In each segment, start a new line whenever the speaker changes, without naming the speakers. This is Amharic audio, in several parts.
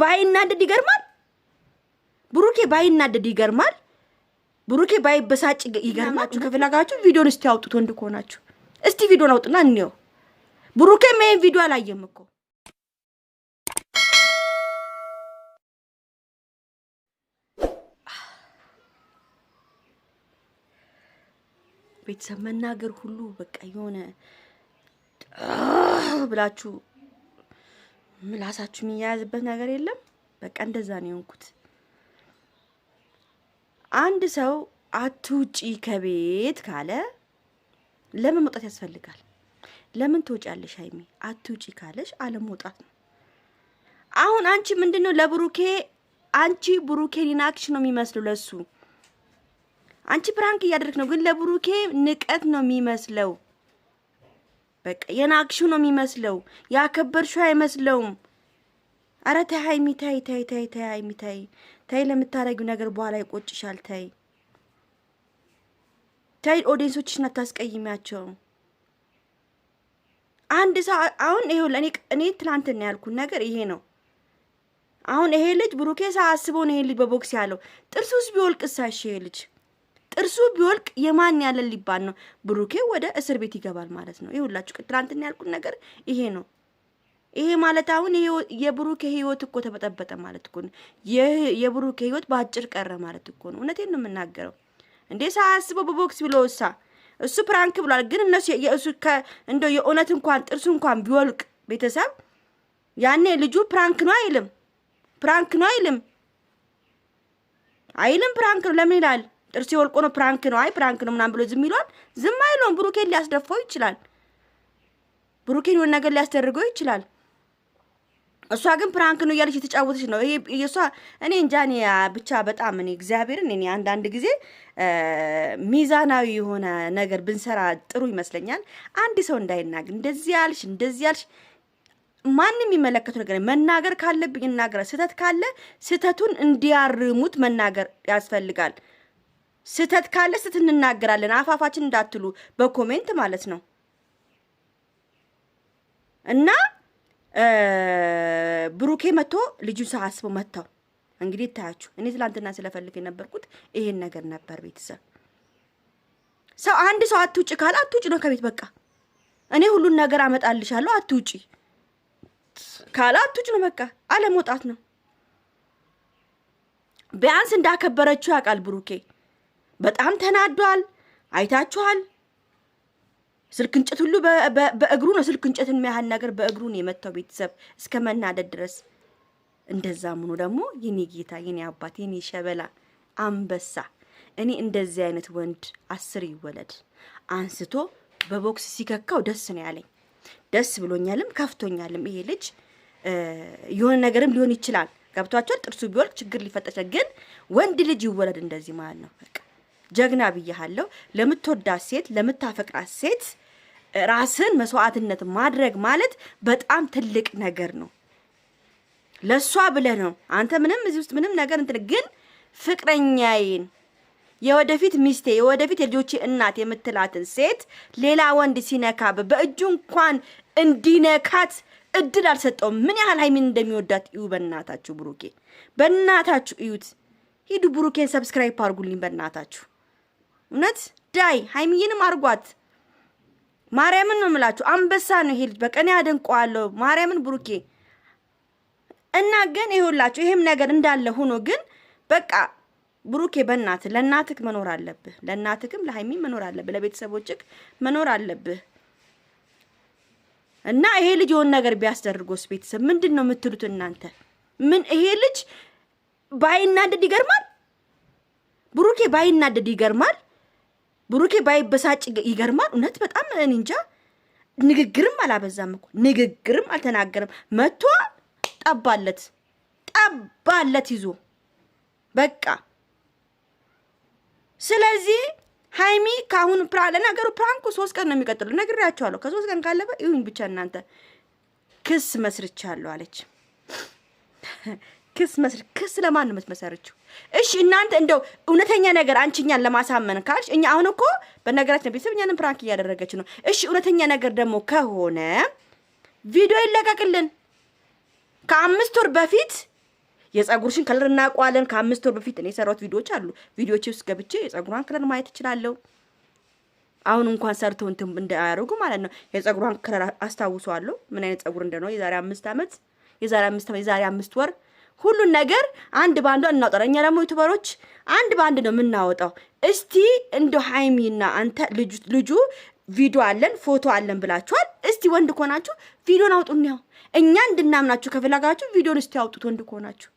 ባይናደድ ይገርማል። ብሩኬ ባይናደድ ይገርማል። ብሩኬ ባይበሳጭ ይገርማችሁ። ከፈለጋችሁ ቪዲዮን እስቲ አውጡት፣ ወንድ ከሆናችሁ እስቲ ቪዲዮን አውጡና እንየው። ብሩኬ ይሄን ቪዲዮ አላየም እኮ ቤተሰብ መናገር ሁሉ በቃ የሆነ ብላችሁ ምላሳችሁ የሚያያዝበት ነገር የለም። በቃ እንደዛ ነው የሆንኩት። አንድ ሰው አትውጪ ከቤት ካለ ለምን መውጣት ያስፈልጋል? ለምን ትወጫለሽ? ሀይሚ አትውጪ ካለሽ አለመውጣት ነው። አሁን አንቺ ምንድን ነው ለብሩኬ አንቺ ብሩኬ ሊናክሽ ነው የሚመስለው ለሱ አንቺ ፕራንክ እያደረግ ነው፣ ግን ለብሩኬ ንቀት ነው የሚመስለው። በቃ የናቅሽው ነው የሚመስለው፣ ያከበርሽው አይመስለውም። አረ ተይ ሀይሚ ተይ ተይ ተይ ተይ ሀይሚ ተይ ተይ፣ ለምታረጊው ነገር በኋላ ይቆጭሻል። ተይ ተይ፣ ኦዲየንሶችሽን አታስቀይሚያቸው። አንድ ሰው አሁን ይሄው ለእኔ እኔ ትናንትና ያልኩት ነገር ይሄ ነው። አሁን ይሄ ልጅ ብሩኬ ሳያስበው ነው ይሄ ልጅ በቦክስ ያለው። ጥርሱስ ቢወልቅሳ ይሄ ልጅ ጥርሱ ቢወልቅ የማን ያለ ሊባል ነው? ብሩኬ ወደ እስር ቤት ይገባል ማለት ነው። ይሁላችሁ ትናንትና ያልኩት ነገር ይሄ ነው። ይሄ ማለት አሁን የብሩኬ ህይወት እኮ ተበጠበጠ ማለት እኮ ነው። የብሩኬ ህይወት በአጭር ቀረ ማለት እኮ ነው። እውነቴን ነው የምናገረው። እንዴ ሳያስበው በቦክስ ብሎሳ እሱ ፕራንክ ብሏል። ግን እነሱ የእሱ እንደ የእውነት እንኳን ጥርሱ እንኳን ቢወልቅ ቤተሰብ ያኔ ልጁ ፕራንክ ነው አይልም። ፕራንክ ነው አይልም አይልም። ፕራንክ ነው ለምን ይላል? ጥርሱ ወልቆ ነው ፕራንክ ነው አይ ፕራንክ ነው ምናምን ብሎ ዝም ይሏል። ዝም አይለውም። ብሩኬን ሊያስደፈው ይችላል። ብሩኬን የሆነ ነገር ሊያስደርገው ይችላል። እሷ ግን ፕራንክ ነው እያለች የተጫወተች ነው። ይሄ እሷ እኔ እንጃ እኔ ብቻ በጣም እኔ እግዚአብሔርን እኔ አንዳንድ ጊዜ ሚዛናዊ የሆነ ነገር ብንሰራ ጥሩ ይመስለኛል። አንድ ሰው እንዳይናገር እንደዚህ ያልሽ እንደዚህ ያልሽ ማንም የሚመለከቱ ነገር መናገር ካለብኝ እናገር፣ ስህተት ካለ ስህተቱን እንዲያርሙት መናገር ያስፈልጋል። ስህተት ካለ ስህተት እንናገራለን። አፋፋችን እንዳትሉ በኮሜንት ማለት ነው። እና ብሩኬ መቶ ልጁን ሳስቦ መታው። እንግዲህ ይታያችሁ። እኔ ትላንትና ስለፈልግ የነበርኩት ይሄን ነገር ነበር። ቤተሰብ ሰው አንድ ሰው አትውጭ ካለ አትውጭ ነው ከቤት በቃ እኔ ሁሉን ነገር አመጣልሻለሁ አትውጪ ካለ አትውጭ ነው በቃ አለመውጣት ነው። ቢያንስ እንዳከበረችው ያውቃል ብሩኬ በጣም ተናዷል። አይታችኋል። ስልክ እንጨት ሁሉ በእግሩ ነው። ስልክ እንጨትን የሚያህል ነገር በእግሩ ነው የመታው ቤተሰብ እስከ መናደድ ድረስ። እንደዛ ምኑ ደግሞ የኔ ጌታ፣ የኔ አባት፣ የኔ ሸበላ አንበሳ፣ እኔ እንደዚህ አይነት ወንድ አስር ይወለድ። አንስቶ በቦክስ ሲከካው ደስ ነው ያለኝ። ደስ ብሎኛልም ከፍቶኛልም። ይሄ ልጅ የሆነ ነገርም ሊሆን ይችላል። ገብቷቸው ጥርሱ ቢወልቅ ችግር ሊፈጠር ግን ወንድ ልጅ ይወለድ እንደዚህ ማለት ነው በቃ ጀግና ብያሃለሁ። ለምትወዳት ሴት፣ ለምታፈቅራት ሴት ራስን መስዋዕትነት ማድረግ ማለት በጣም ትልቅ ነገር ነው። ለእሷ ብለህ ነው አንተ ምንም እዚህ ውስጥ ምንም ነገር እንትን ግን ፍቅረኛዬን የወደፊት ሚስቴ የወደፊት የልጆች እናት የምትላትን ሴት ሌላ ወንድ ሲነካብ በእጁ እንኳን እንዲነካት እድል አልሰጠውም። ምን ያህል ሀይሚን እንደሚወዳት እዩ። በእናታችሁ ብሩኬ፣ በእናታችሁ እዩት። ሂዱ ብሩኬን ሰብስክራይብ አድርጉልኝ በእናታችሁ። እውነት ዳይ ሀይሚዬንም አርጓት። ማርያምን ነው የምላችሁ። አንበሳ ነው ይሄ ልጅ። በቀን ያደንቀዋለሁ ማርያምን ብሩኬ እና ግን ይኸውላችሁ ይሄም ነገር እንዳለ ሆኖ ግን በቃ ብሩኬ በእናትህ ለእናትክ መኖር አለብህ። ለእናትህም ለሀይሚ መኖር አለብህ። ለቤተሰቦችህ መኖር አለብህ። እና ይሄ ልጅ የሆነ ነገር ቢያስደርጎስ ቤተሰብ ምንድን ነው የምትሉት እናንተ? ምን ይሄ ልጅ ባይናደድ ይገርማል። ብሩኬ ባይናደድ ይገርማል። ብሩኬ ባይበሳጭ ይገርማል። እውነት በጣም እንጃ። ንግግርም አላበዛም እኮ ንግግርም አልተናገርም። መቶ ጠባለት ጠባለት ይዞ በቃ። ስለዚህ ሀይሚ ከአሁን ለነገሩ ፕራንኩ ሶስት ቀን ነው የሚቀጥለው፣ ነግሬያቸዋለሁ። ከሶስት ቀን ካለፈ ይሁን ብቻ እናንተ ክስ መስርቻለሁ አለች። ክስ መስር ክስ ለማን ነው የምትመሰርችው? እሺ እናንተ እንደው እውነተኛ ነገር አንቺኛን ለማሳመን ካልሽ እኛ አሁን እኮ በነገራችን ቤተሰብ እኛንም ፕራንክ እያደረገች ነው። እሺ እውነተኛ ነገር ደግሞ ከሆነ ቪዲዮ ይለቀቅልን። ከአምስት ወር በፊት የፀጉርሽን ከለር እናውቀዋለን። ከአምስት ወር በፊት እኔ የሰራሁት ቪዲዮዎች አሉ። ቪዲዮች ውስጥ ገብቼ የጸጉሯን ከለር ማየት እችላለሁ። አሁን እንኳን ሰርተው እንትን እንዳያደርጉ ማለት ነው። የጸጉሯን ከለር አስታውሰዋለሁ፣ ምን አይነት ጸጉር እንደሆነ የዛሬ አምስት ዓመት የዛሬ አምስት የዛሬ አምስት ወር ሁሉን ነገር አንድ በአንዱ እናውጣ። እኛ ደግሞ ዩቱበሮች አንድ በአንድ ነው የምናወጣው። እስቲ እንደ ሀይሚና አንተ ልጁ ቪዲዮ አለን ፎቶ አለን ብላችኋል። እስቲ ወንድ ከሆናችሁ ቪዲዮን አውጡ እንየው። እኛ እንድናምናችሁ ከፈለጋችሁ ቪዲዮን እስቲ አውጡት። ወንድ ከሆናችሁ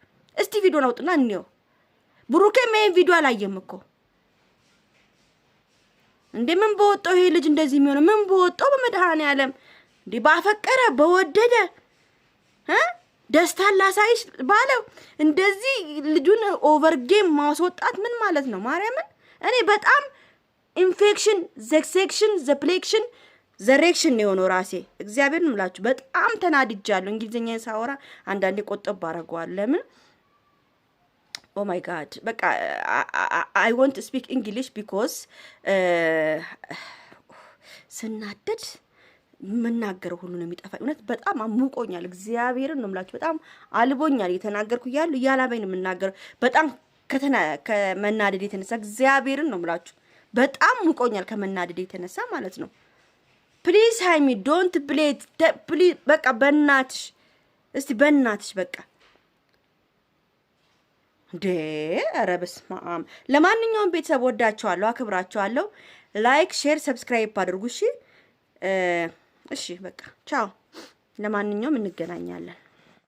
እስቲ ቪዲዮን አውጡና እንየው። ብሩኬም ይሄን ቪዲዮ አላየም እኮ እንዴ! ምን በወጣው ይሄ ልጅ እንደዚህ የሚሆነው ምን በወጣው? በመድኃኔ ዓለም እንዴ! ባፈቀረ በወደደ ደስታን ላሳይሽ ባለው እንደዚህ ልጁን ኦቨርጌም ማስወጣት ምን ማለት ነው? ማርያምን እኔ በጣም ኢንፌክሽን ዘክሴክሽን ዘፕሌክሽን ዘሬክሽን የሆነው ራሴ እግዚአብሔር ምላችሁ በጣም ተናድጃለሁ። እንግሊዝኛ ሳወራ አንዳንዴ ቆጠብ አደርገዋል። ለምን ኦ ማይ ጋድ በቃ አይ ወንት ስፒክ እንግሊሽ ቢኮዝ ስናደድ የምናገረው ሁሉ ነው የሚጠፋኝ። እውነት በጣም አሙቆኛል። እግዚአብሔርን ነው የምላችሁ። በጣም አልቦኛል። እየተናገርኩ እያሉ እያላበኝ የምናገረው በጣም ከመናደድ የተነሳ እግዚአብሔርን ነው የምላችሁ። በጣም ሙቆኛል ከመናደድ የተነሳ ማለት ነው። ፕሊዝ ሃይሚ ዶንት ብሌት ፕሊዝ። በቃ በእናትሽ እስቲ በእናትሽ በቃ እንዴ! ኧረ በስመ አብ። ለማንኛውም ቤተሰብ ወዳቸዋለሁ፣ አክብራቸዋለሁ። ላይክ፣ ሼር፣ ሰብስክራይብ አድርጉ እሺ። እሺ በቃ ቻው። ለማንኛውም እንገናኛለን።